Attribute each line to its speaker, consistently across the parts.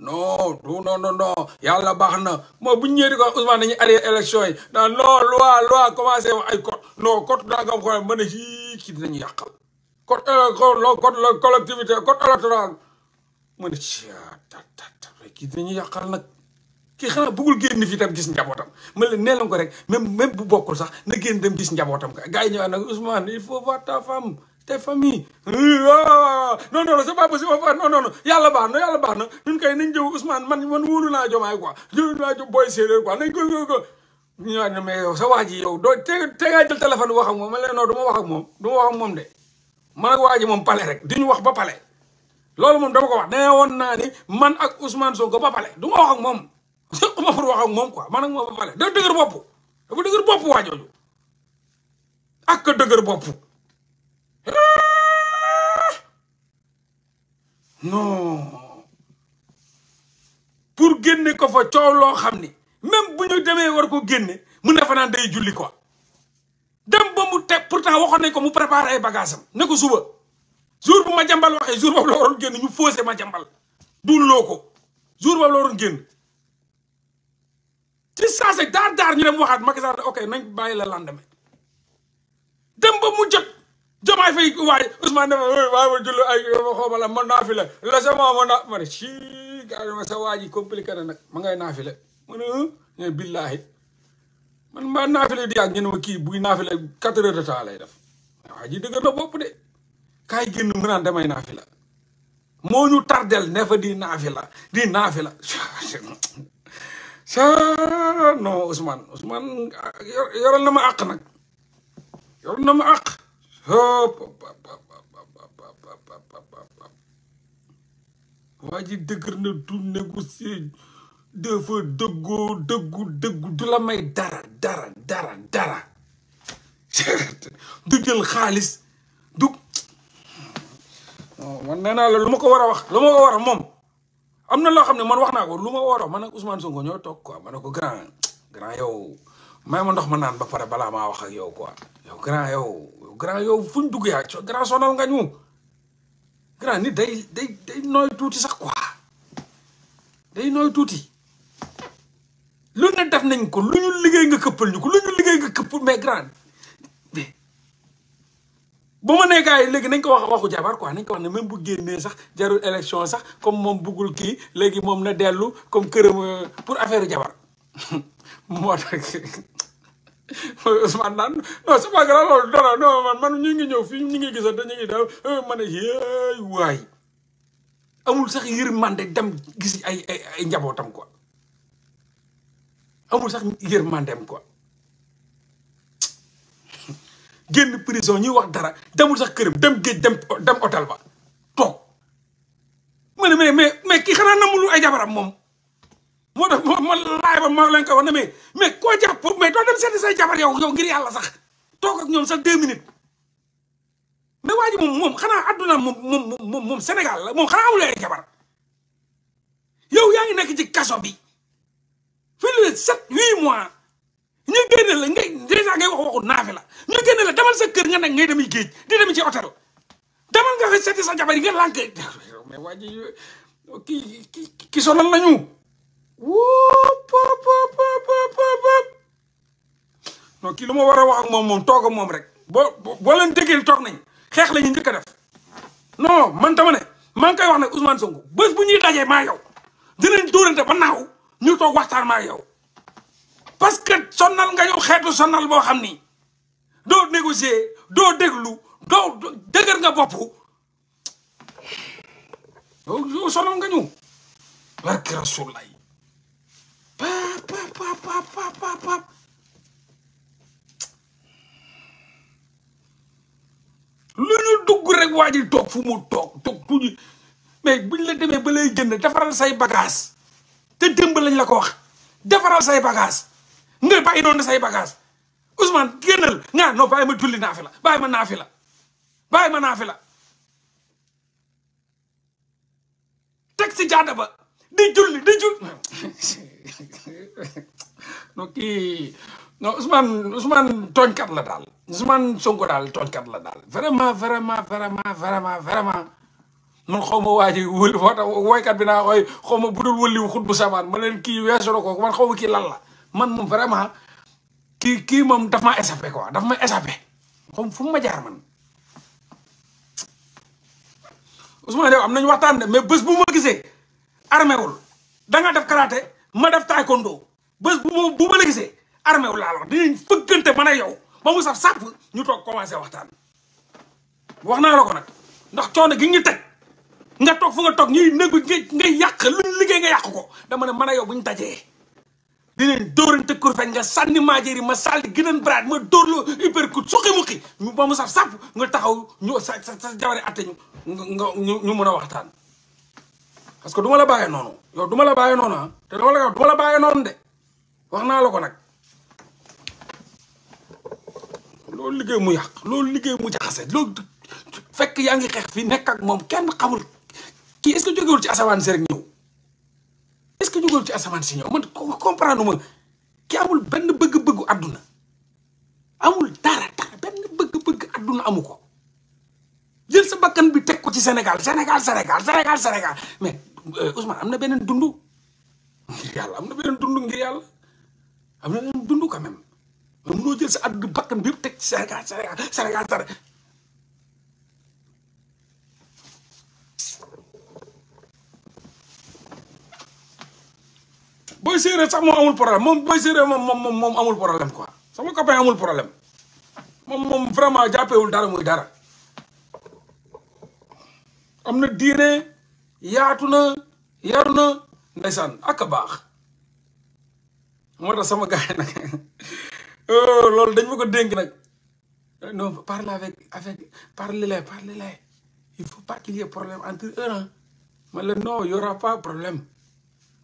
Speaker 1: non non non non yàlla baax na moo bu ñu ñëwee di ko Ousmane dañuy arrêté élection yi non loi loi commencé wax ay code non code daa nga xam mën a ci kii dinañu yàqal. code euh, code collectivité code électoral mu ne ci ah, kii dinañu yàqal nag kii xanaa bëggul génn fii tam gis njabootam ma la neelam ko rek même bu bokkul sax na génn dem gis njabootam gars yi ñëwaat nag Ousmane il faut voir ta femme. te famille ah, non non c'est pas possible on va non non yàlla baax na yàlla baax na ñun kay nañ jëw Ousmane man man wóolu naa jomaay quoi jëw naa jo booy séeréer quoi nañ ko ko ko ñu ñëwaat ne mais yow sa waa ji yow doo te te ngaa jël téléphone wax ak moom man leen non du ma wax ak moom du ma wax ak moom de man ak waa ji moom pale rek di ñu wax ba pale loolu moom dama ko wax nee woon naa ni man ak Ousmane Sonko ba pale du ma wax ak moom ma pour wax ak moom quoi man ak moom ba pale da dëgër bopp dafa dëgër bopp waa jooju ak dëgër bopp non pour génne ko fa coow loo xam ni même bu ñu demee war ko génne mun na fa naan day julli quoi dem ba mu teg pourtant waxoon nañ ko mu préparé ay bagages ne ko suba jour bu ma jàmbal waxee jour boobu la waroon génn ñu faussé ma jàmbal dulloo ko jour boobu la waroon génn ci saa si daar daar ñu dem waxaat Macky ok nañ bàyyi la lendemain ay waay Ousmane dafa waay ma julli ay xawma la man naa fi la la sama ma naa ma ne si gars ma sa waa ji compliqué na nag ma ngay naa fi la ma ne ñu eh, billaahi man ma naa di yàgg ñu ma kii buy naa fi heures de temps lay def waa ji na bopp de kaay génn mu naan damay naa fi ñu tardel ne fa di naafi di naafi la non Ousmane Ousmane ah, yoral na ma àq nag yoral na ma àq waa ji dëgër na du négocier dafa dëggoo dëggu dëggu du la may dara dara dara du jël xaalis du man nee naa la lu ma ko war a wax lu ma ko war a moom am na loo xam ne man wax naa ko lu ma war a wax man ak Ousmane Sonko ñoo toog quoi ma ne ko grand grand yow may ma ndox ma naan ba pare balaa maa wax ak yow quoi yow grand yow grand yow fuñ dugg yaa grand sonal nga ñu grand nit day day nooy tuuti sax quoi day nooy tuuti lu ne def nañ ko lu ñu liggéey nga këppal ñu ko lu ñu liggéey nga këppal mais grand bu ma nee léegi nañ ko wax waxu jabar quoi nañ ko wax ne même bu génnee sax jarul élection sax comme moom buggul kii léegi moom na dellu comme këram euh, pour affaire jabar moo mooy Ousmane naan non c'est pas grave loolu dara non man man ñu ngi ñëw fii ñu ngi gisante ñu ngi daw euh, ma ne yéey waay amul sax yërmande dem gis ay ay ay njabootam ko amul sax yërmandeem quoi génn prison ñuy wax dara demul sax këram dem géej dem dem hôtel ba toog ma ne mais mais kii xanaa namul ay jabaram moom. moo tax ma laay ba ma leen ko wax ne mais mais koo jàpp mais doo dem seeti say jabar yow yow ngir yàlla sax toog ak ñoom sax deux minutes mais waa moom moom xanaa àdduna moom moom moom moom Sénégal la moom xanaa amul ay jabar yow yaa ngi nekk ci kaso bi fi le sept huit mois ñu génne la ngay dèjà ngay wax waxu naafi la ñu génne la demal sa kër nga nekk ngay dem géej di dem ci hôtel demal nga seeti sa jabar yi nga lànk mais waa ji kii kii kii la ñu wóop non kii lu ma war a wax ak moom moom toog ak moom rek boo boo leen déggee toog nañ xeex la ñu njëkk a def non man tama ne maa ngi koy wax nag Ousmane Sonko bés bu ñuy dajee maa yow dinañ dóorante ba naaw ñu toog waxtaan maa yow parce que sonal nga ñëw xeetu sonal boo xam ni doo négocier doo déglu doo dëgër nga bopp yow yow sonal nga ñu barke Rasulullah up, up, up, up, up, up. lu ñu dugg rek waa ji toog fu mu toog toog tuuti mais buñ la demee ba lay jënd defaral say bagage te démb lañ la ko wax defaral say bagage nga bàyyi noonu say bagage Ousmane génnal nga non bàyyi ma julli naafi la bàyyi ma naafi la bàyyi ma naafi la teg jaada ba di julli di julli non kii non Ousmane Ousmane tooñkat la daal Ousmane Sonko daal tooñkat la daal vraiment vraiment vraiment vraiment vraiment man xaw waa ji wël moo bi naa xaw ma bu dul wëlliw xut bu samaan ma man xaw kii lan la man moom vraiment kii moom daf ma échappé quoi daf ma échappé xaw fu ma jaar man Ousmane am nañu waxtaan de mais bés bu ma gisee armé wul def karaté ma def taekwondo bés bu ma bu ma la gisee armé wu laa la dinañ fëggante man ak yow ba mu saf sàpp ñu toog commencé waxtaan. wax naa la ko nag ndax coono gi ñu teg nga toog fu nga toog ñuy nëgg nga ngay yàq liggéey nga yàq ko dama ne man ak yow bu ñu dajee. dinañ dóorante kur feñ nga sànni maajeeri ma sàlli gëneen braat ma dóor la uppercut suqi muqi ba mu saf sàpp nga taxaw ñu sa sa jabari atte ñu nga ñu mën a waxtaan. parce que du ma la bàyyee noonu yow du ma la bàyyee noonu ah te dama la du ma la bàyyee noonu de wax naa la ko nag loolu liggéey mu yàq loolu liggéey mu jaxase loolu fekk yaa ngi xeex fi nekk moom kenn xamul kii est-ce que jógewul ci asamaan si rek ñëw est-ce que jógewul ci asamaan si ñëw man comprendre ma kii amul benn bëgg-bëggu àdduna amul dara dara benn bëgg-bëgg àdduna amu ko jël sa bakkan bi teg ko ci Sénégal Sénégal Sénégal Sénégal Sénégal mais Eh, Ousmane am na beneen dund ngir yàlla am na beneen dund ngir yàlla am na beneen dund quand même mais mënoo jël sa àdduna bakkan bi yëpp teg ci Sénégal Sénégal Sénégal dara booy séeréer sax moom amul problème moom booy séeréer moom moom moom amul problème quoi sama jàppewul dara muy dara am na diine yatuna tout le ak a baax sama gars nak tout le dañ ko a non parle avec avec parle-les parle-les il faut pas qu'il y ait problème entre eux hein mais le il y aura pas problème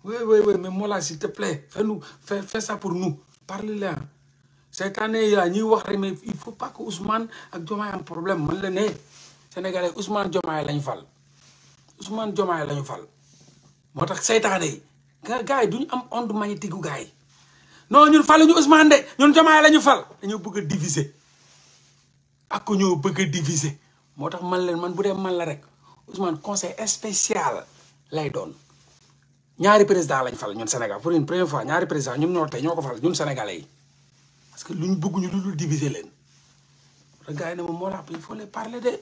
Speaker 1: oui oui oui mais là, s'il te plaît fais-nous fais fais ça pour nous parle le hein. cette année a a wax mais il faut pas que Ousmane ak Diomaye problème man Sénégalais Ousmane Diomaye lañ Ousmane Diomaye la ñu fal moo tax seytaane yi gars yi ñu am onde magnétique gu gars yi non ñun faluñu Ousmane de ñun Diomaye la ñu fal dañoo bëgg a diviser ak ñoo bëgg a diviser moo tax man leen man bu dee man la rek Ousmane conseil spécial lay doon ñaari président lañ fal ñun Sénégal pour une première fois ñaari président ñun ñoo tey ñoo ko fal ñun sénégalais yi parce que luñ bëgg ñu lu dul diviser leen gars yi ne ma moo il faut les parler de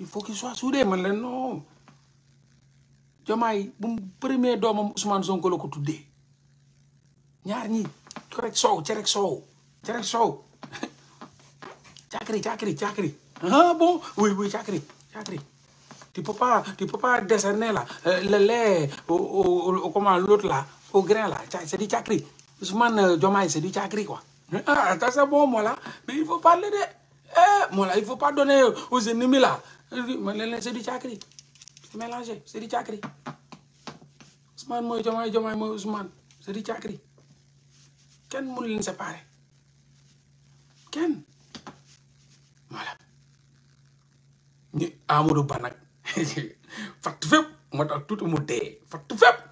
Speaker 1: il faut qu'il man leen non Jomaay bu mu premier doomam Ousmane Sonko la ko tuddee ñaar ñi correct soow cerek soow cerek soow càkri càkri càkri ah bon oui oui càkri càkri tu peux pas tu peux pas décerner là euh, le lait au comment l'autre là au grain là Jomaay c'est du càkri euh, quoi ah c'est bon moi mais il faut parler de eh moi là il faut pas donner aux ennemis là euh, ma leen c'est mélanger c'est du chakri Ousmane moy jomay jomay moy Ousmane c'est du chakri ken mënu leen séparer ken voilà ni Amadou Ba nak fatt fep mo tax tuuti mu dee fatt fep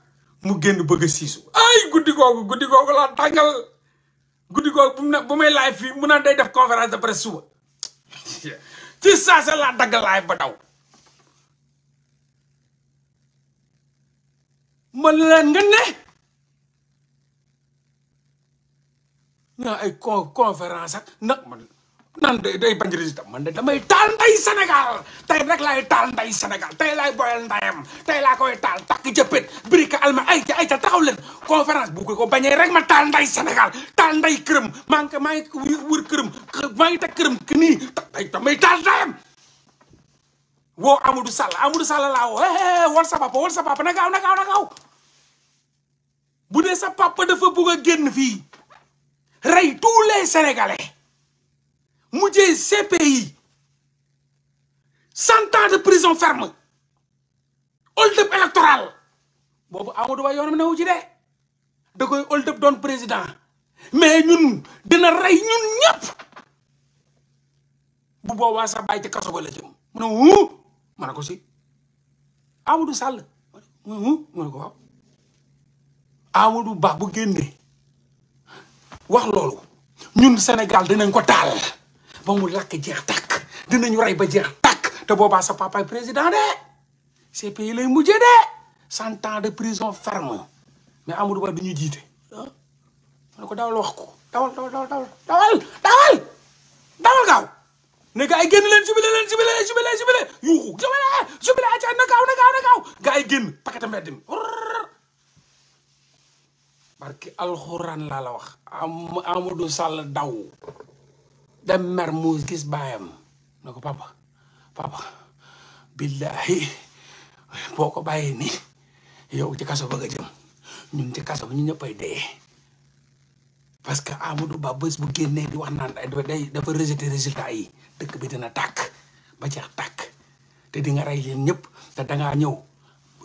Speaker 1: mu genn bëgg sisu ay goudi googu goudi googu la tangal goudi googu bu bu may live fi mu na day def conférence de presse suba ci saasa laa dagg live ba daw ma leen ne naa ay conférence ak nag man naan day day bañ résultat man de damay taal nday Sénégal tey rek laay taal nday Sénégal tey laay boyal ndayam koy alma ay ca ay ta taxaw leen conférence bu ko ko rek ma taal nday Sénégal taal nday kërëm maa ngi maa ngi wër kërëm maa ngi teg kërëm ki nii ay damay taal ndayam woo Amadou Sall Amadou Sall sa papa wol sa papa na gaaw na gaaw na bu dee sa papa dafa bëgg a génn fii rey tous les sénégalais mujjee CPI cent ans de prison ferme hold up électoral boobu Amadou Ba yoonam newu ci de da koy hold up doon président mais ñun dina rey ñun ñëpp bu boobaa sa bàyyi ci kaso ba la jëm ko si Amadou Sall mu ne ko waaw Amadou bax bu genné wax loolu ñun Sénégal dinañ ko taal ba mu lak jeex tak, dinañu ray ba jeex tak te boba sa papa président dé ces pays lay mujjé dé 100 ans de prison ferme mais Amadou Ba duñu jité hein ah, ko dawal wax ko dawal dawal dawal dawal dawal dawal gaw ne gaay genn génn jubilé jubile jubilé jubilé jubilé yuhu jubilé jubilé jubile na gaw na gaw na gaw gaay genn paquet mbedd barki alquran la la wax am Amadou Sall daw dem Mermoz gis bayam nako papa papa billahi boko baye ni yow ci kasso beug dem ñun ci kasso ñu ñëppay dé parce que Amadou Ba bëss bu génné di wax naan day dafa rejeter résultat yi dëkk bi dina tak, ba ci tak té di nga rey leen ñëpp da nga ñëw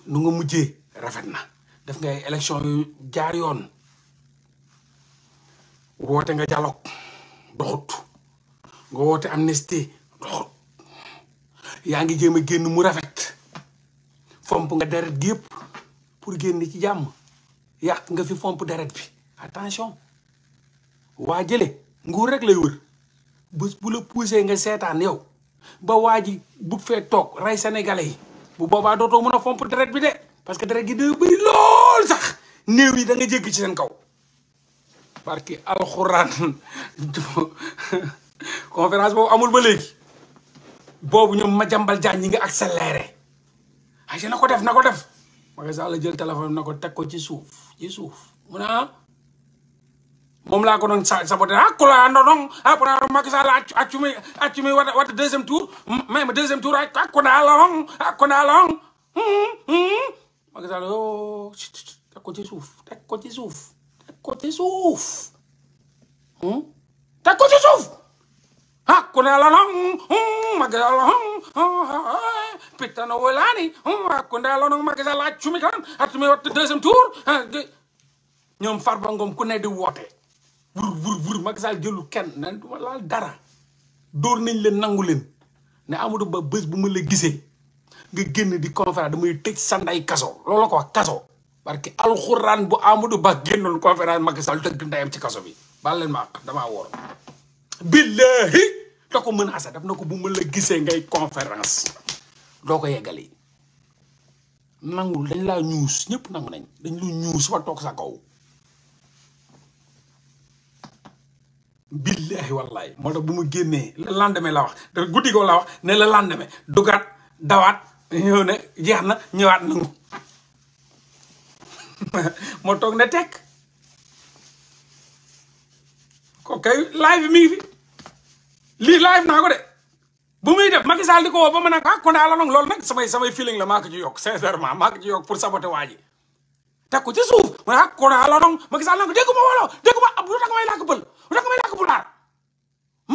Speaker 1: nu nga mujjé rafet def ngay élection yu jaar yoon woote nga dialogue doxut nga woote amnistie doxut yaa ngi jéem a génn mu rafet fomp nga deret gi yëpp pour génn ci jàmm yàq nga fi fomp deret bi attention waa jële nguur rek lay wër bés bu la poussé nga seetaan yow ba waa ji fee toog rey sénégalais bu boobaa dootoo mën a fomp deret bi de parce que deret gi day bëri lool néew yi da nga ci seen kaw parce que alxuraan conférence boobu ba léegi boobu ñoom ma jàmbal jaan ñi nga accéléré ayca na ko def na ko def Macky Sall jël téléphone na ko teg ko ci suuf ci suuf mu ne ah moom laa ko doon saboté ah Kula Ndondong ah Kula Macky Sall accu mi accu mi wata ma deuxième tour ah, ah Kona T'as coté souf. T'as coté souf. T'as coté souf. Hum? T'as coté souf. Ah, coné la langue. Hum, magé la langue. Hum, pita no velani. Hum, coné la langue, magé la chumikan. Atumé votre deuxième tour. Nyom farbangom coné di wate. Vur, vur, vur, magé la gelou ken. Nen, tu m'as l'al dara. Dour nil le nangoulin. Ne amoudou ba bez boumou le gise. Gé gène di konfera de mouye tek sandai kaso. Lolo kwa kaso. Kaso barki alquran bu Amadou Ba gennon conférence Macky Sall tëgg ndeyam ci kasso bi bal len ma ak damaa billahi da ko menacé daf nako ko bu ma la news ngay conférence doko yegali nangul dañ la ñuus ñep nangu nañ dañ lu ñuus ba tok sa kaw billahi wallahi mo tax bu mu le lendemain la wax da goudi ko la wax né le lendemain dugat dawat ñu né jeex na moo toog ne tek ko kay live mi ngi fi lii live naa ko de bu muy def Macky di ko woo ba mu ne ah Kounda Alalong lool na samay samay feeling la maa ko yokk sincèrement maa ko ci yokk pour saboter waa ji teg ko ci suuf mu ne ah Kounda Alalong Macky Sall nag déggu ma wolo déggu ma lu tax may làkk may làkk pulaar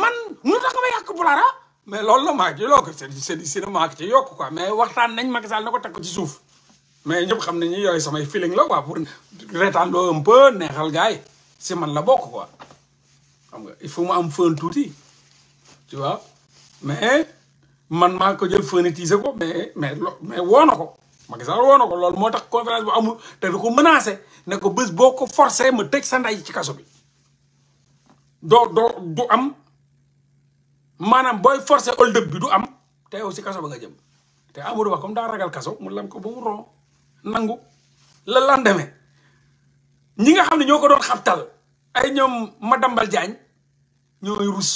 Speaker 1: man lu tax may làkk pulaar ah mais loolu la maa ko ci yokk c'est du cinéma maa ko ci yokk quoi mais waxtaan nañ Macky na ko teg ko ci suuf. mais ñëpp xam ne ñu yooyu samay feeling la quoi pour reetaandoo un peu neexal gars yi si man la bokk quoi xam nga il faut mu am fën tuuti tu vois mais man maa ko jël fënitiser ko mais mais mais woo na ko Macky Sall woo na ko lool moo tax conférence bu amul te ko menacé ne ko bés boo ko forcé ma teg sa nday ci kaso bi doo doo du am maanaam booy force hold up bi du am te yow si kaso ba nga jëm te Amadou Ba comme daa ragal kaso mu lam ko boo mu ron nangu la lendemain ñi nga xam ne ñoo ko doon xabtal ay ñoom madambal jaañ ñooy rus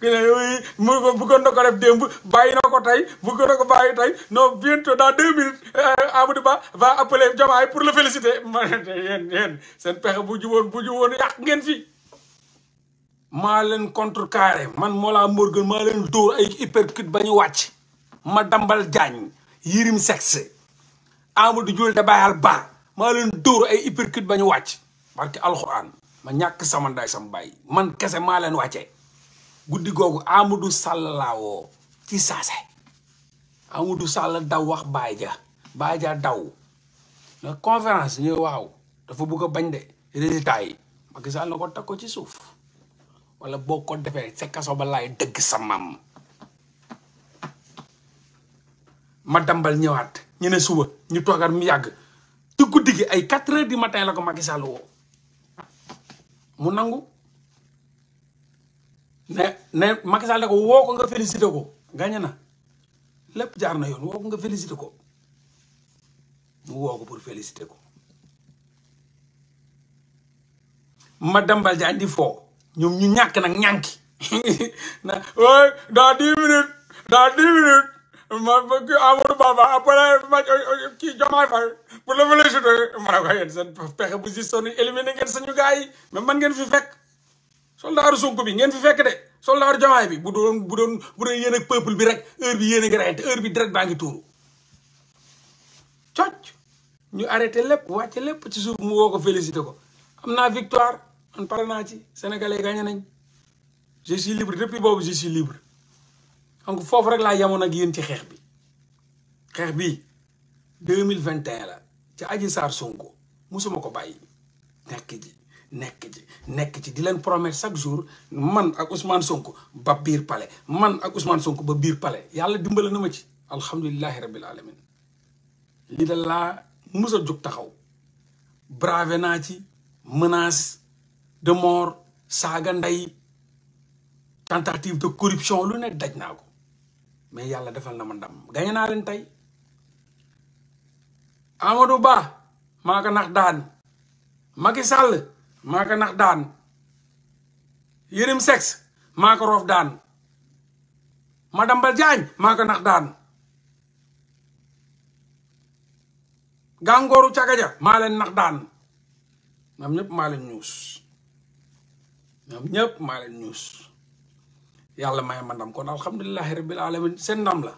Speaker 1: ku ne yooyu mu ko bëggoon ko def démb bàyyi na ko tey bëggoon na ko bàyyi tey non bientôt dans deux minutes euh, Amadou Ba va appeler Diomaye pour le féliciter ma yéen yéen seen pexe bu juwoon bu juwoon yàq ngeen fii maa leen contre contrecarré man Mollah Morgun maa leen dóor ay uppercut ba ñu wàcc ma dambal jaañ yirim sexe amadou jul da bayal ba ma len door ay hypercut bañu wacc barki alquran ma ñak sama nday sam bay man kesse ma len wacce guddi gogu amadou sallawo ci amu amadou sall dawah wax bayja bayja daw la conférence ñu waw dafa bëgg bañ dé résultat yi Macky Sall nako takko ci suuf wala boko défé sé kasso ba lay deug sa mam ma dambal ñëwaat ñu ne suba ñu toogaat mu yàgg ci guddi gi ay quatre heures di matin la ko Macky Sall woo mu nangu ne ne ko woo ko nga félicité ko gañe na lépp jaar na yoon woo ko nga félicité ko mu woo ko pour félicité ko ma dambal jaan foo ñu ñàkk nag ñànki na daa dix daa dix ma kii Amadou Baba après ma kii Diomaye Faye pour le volet chuté ma ne ko yéen pexe bu si sonn éliminé ngeen suñu gars yi mais man ngeen fi fekk soldaaru Sonko bi ngeen fi fekk de soldaaru Diomaye bi bu doon bu doon bu doon bi rek heure bi yéen a ngi reyante bi direct baa ngi tuuru cocc ñu arrêté lépp wàcce lépp ci suuf mu woo ko félicité ko am naa victoire man pare naa ci sénégalais gagné nañ je libre depuis boobu je suis libre xam nga foofu rek laa yamoon ak yéen ci xeex bi xeex bi deux mille vingt et la ci Adji Sarr Sonko musuma ko bàyyi nekk ji nekk ji nekk ci di leen promettre chaque jour man ak Ousmane Sonko ba biir palais man ak Ousmane Sonko ba biir palais yàlla dimbale na ma ci alhamdulilahi rabbil alamin li da laa mus a jóg taxaw bravé naa ci mënaas de mort saaga ndey tentative de corruption lu nekk daj naa ko mais yalla defal na ma ndam gagné na len tay Amadou Ba maka nax daan maki Sall maka nax daan Yérim sex maka rof daan Madame Ba maka nax daan gangoru tiagaja ma len nax daan ñam ñep ma len news ñam ñep ma len news yàlla may ma ndam kon alhamdulilahi rabbil alamin seen ndam la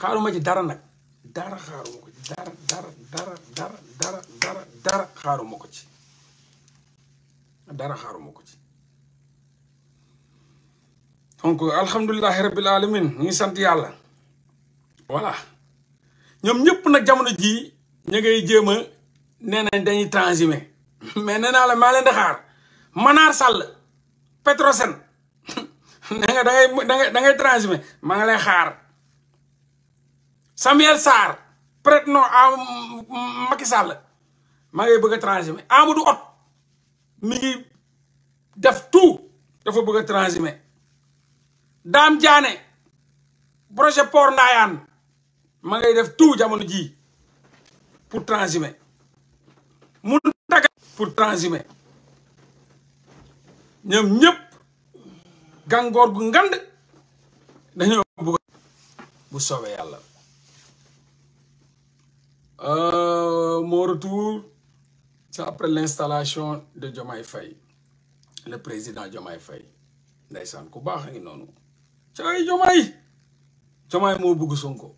Speaker 1: xaaruma ci dara nag dara xaaruma ko ci dara dara xaaruma ko ci dara xaaruma ko ci donc alhamdulilahi rabbil alamin ñu ngi sant yàlla voilà ñoom ñëpp nag jamono jii ñu ngay jéem a nee nañ dañuy transhumé mais nee naa la maa leen di xaar Manaar Sall Petrosen da nga da ngay da ngay da ngay transmet maa ngi lay xaar Samuel Sarr prête non à Macky ngay bëgg transmet Amadou mi ngi def tout dafa bëgg a transmet Dame Diané projet Port Ndayane ma ngay def tout jamono ji pour transhumer mun taga pour transhumer gàngoor gu ngand dañoo bugg bu soobee yàlla euh, mon retour c'est après l'installation de Diomaye fay le président Diomaye Faye ndaysaan ku baax a noonu cay Diomaye Diomaye moo bugg Sonko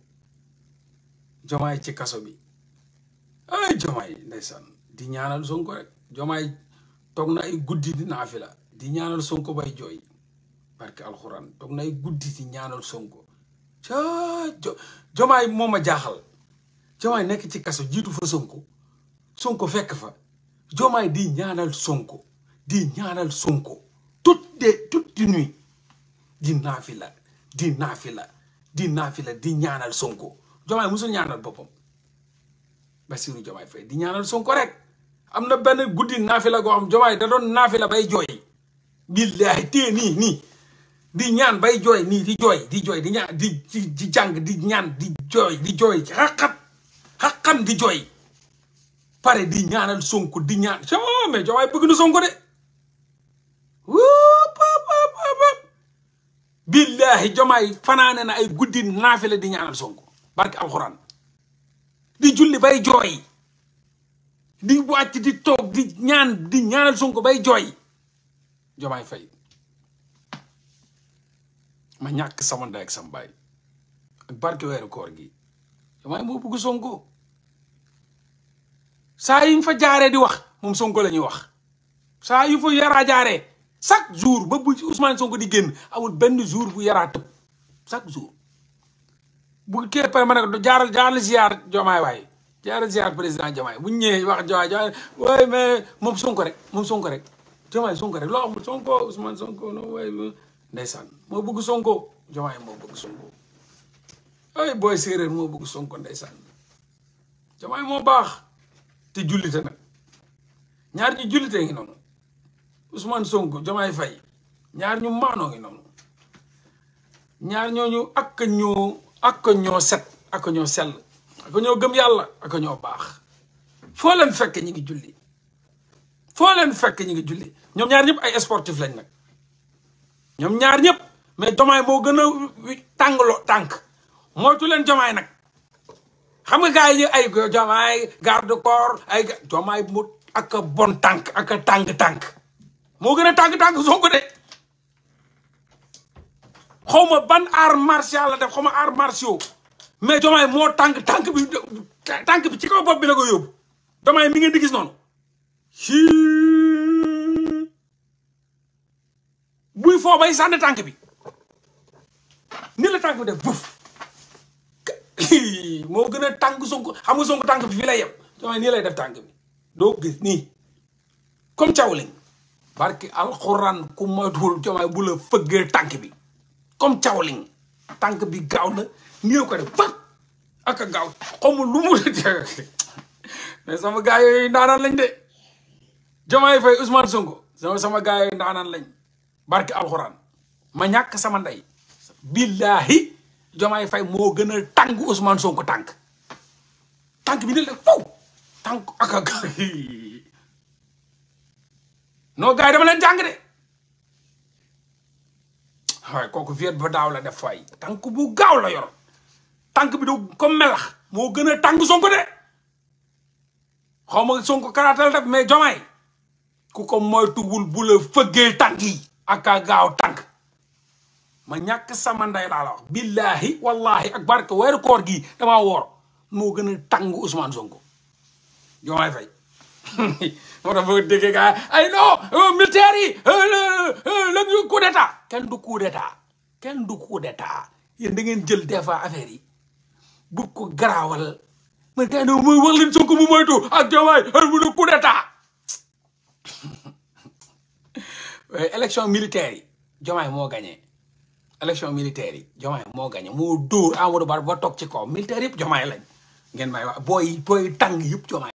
Speaker 1: Diomaye ci kaso bi ay Diomaye ndaysaan di ñaanal Sonko rek Diomaye toog na ay guddi di naafila di ñaanal Sonko bay jooy barke alxuraan toog nay guddi ci ñaanal Sonko ca jomaay moo ma jaaxal nekk ci kaso jiitu fa Sonko Sonko fekk fa jomaay di ñaanal Sonko di ñaanal Sonko toute de toute nuit di naafila di naafila di naafila di ñaanal Sonko jomaay musul ñaanal boppam Bassirou Diomaye Faye di ñaanal Sonko rek am na benn guddi naafila goo xam jomaay da doon naafila bay jooy billaahi tee nii nii di ñaan bay jooy nii di jooy di jooy di ñaan di di jàng di ñaan di jooy di jooy xaqam xaqam di jooy pare di ñaanal Sonko di ñaan mais Diomaye bëgg na Sonko de billaahi Diomaye fanaane na ay guddi naafile di ñaanal Sonko barki alxuraan di julli bay jooy di wàcc di toog di ñaan di ñaanal Sonko bay jooy Diomaye Faye ma ñàkk sama ndey ak sama baay ak barke weeru koor gi damay moo bëgg sonko saa yiñ fa jaaree di wax moom sonko la ñuy wax saa yu fa yaraa jaaree chaque jour ba bu Ousmane Sonko di génn amul benn jour bu yaraa tëb chaque jour bu kii pare ma ne ko jaaral jaaral ziar jomaay waay jaaral ziar président jomaay bu ñëwee wax jomaay jomaay waaye mais moom sonko rek moom sonko rek jomaay sonko rek loo amul sonko Ousmane Sonko non waaye ndeysaan moo bëgg sonko jomaay moo bëgg sonko ay booy séeréer moo bëgg sonko ndeysaan jomaay moo baax te jullite nag ñaar ñu jullitee ngi noonu Ousmane Sonko jomaay fay ñaar ñu maanoo ngi noonu ñaar ñooñu ak ñoo ak ñoo set ak ñoo sell ak ñoo gëm yàlla ak ñoo baax foo leen fekk ñi ngi julli foo leen fekk ñi ngi julli ñoom ñaar ñëpp ay sportif lañ nag ñoom ñaar ñëpp mais jomaay moo gën a tàngloo tànk moytu leen jomaay nag xam nga gars yi ay jomaay garde corps ay jomaay mu ak bon tànk ak tànk-tànk moo gën a tànk-tànk Sonko de xaw ma ban art martial la def xaw ma art martial mais jomaay moo tànk tànk bi tànk bi ci kaw bopp bi la ko yóbbu jomaay mi ngeen di gis buy foo bay sànni tànk bi la tànk bi def buf moo gën a tànk Sonko xam nga Sonko tànk bi fii lay yem waaye nii lay def tànk bi doo gis nii comme cawlin barki alxuraan ku moytuwul jomaay bu la fëggee tànk bi comme cawlin tànk bi gaaw na nii ko def fa ak a gaaw xamul lu mu mais sama gars yooyu ndaanaan lañ de jomaay fay Ousmane Sonko sama sama gars yooyu lañ barke alxuraan ma ñàkk sama ndey billaahi Diomaye Faye moo gën a tàng Ousmane tànk tànk bi ne la faw tànk ak ak non la def fay tànk bu gaaw la yor tànk bi du comme melax moo gën tànk tàng de xaw ma Sonko karaatal def mais Diomaye ku ko moytuwul bu la fëggee tànk ak a gaaw tànk ma ñàkk sama ndey billaahi wallaahi ak barke weeru koor gii damaa woor moo gën a tàng Ousmane Sonko Diomaye Faye moo tax boo déggee gaa ay non euh, militaire yi euh, lañu euh, coup d'état kenn du coup d'état kenn du coup d'état yéen da ngeen jël des fois affaire yi garaawal man kay no mooy wax leen Sonko mu moytu ak Diomaye mu ne coup d'état Eh, élection militaire yi Diomaye moo gagné élection militaire yi Diomaye moo gagné moo dóor Amadou Ba ba toog ci kaw militaire yëpp Diomaye lañ ngeen may wax booy booy tàng yëpp Diomaye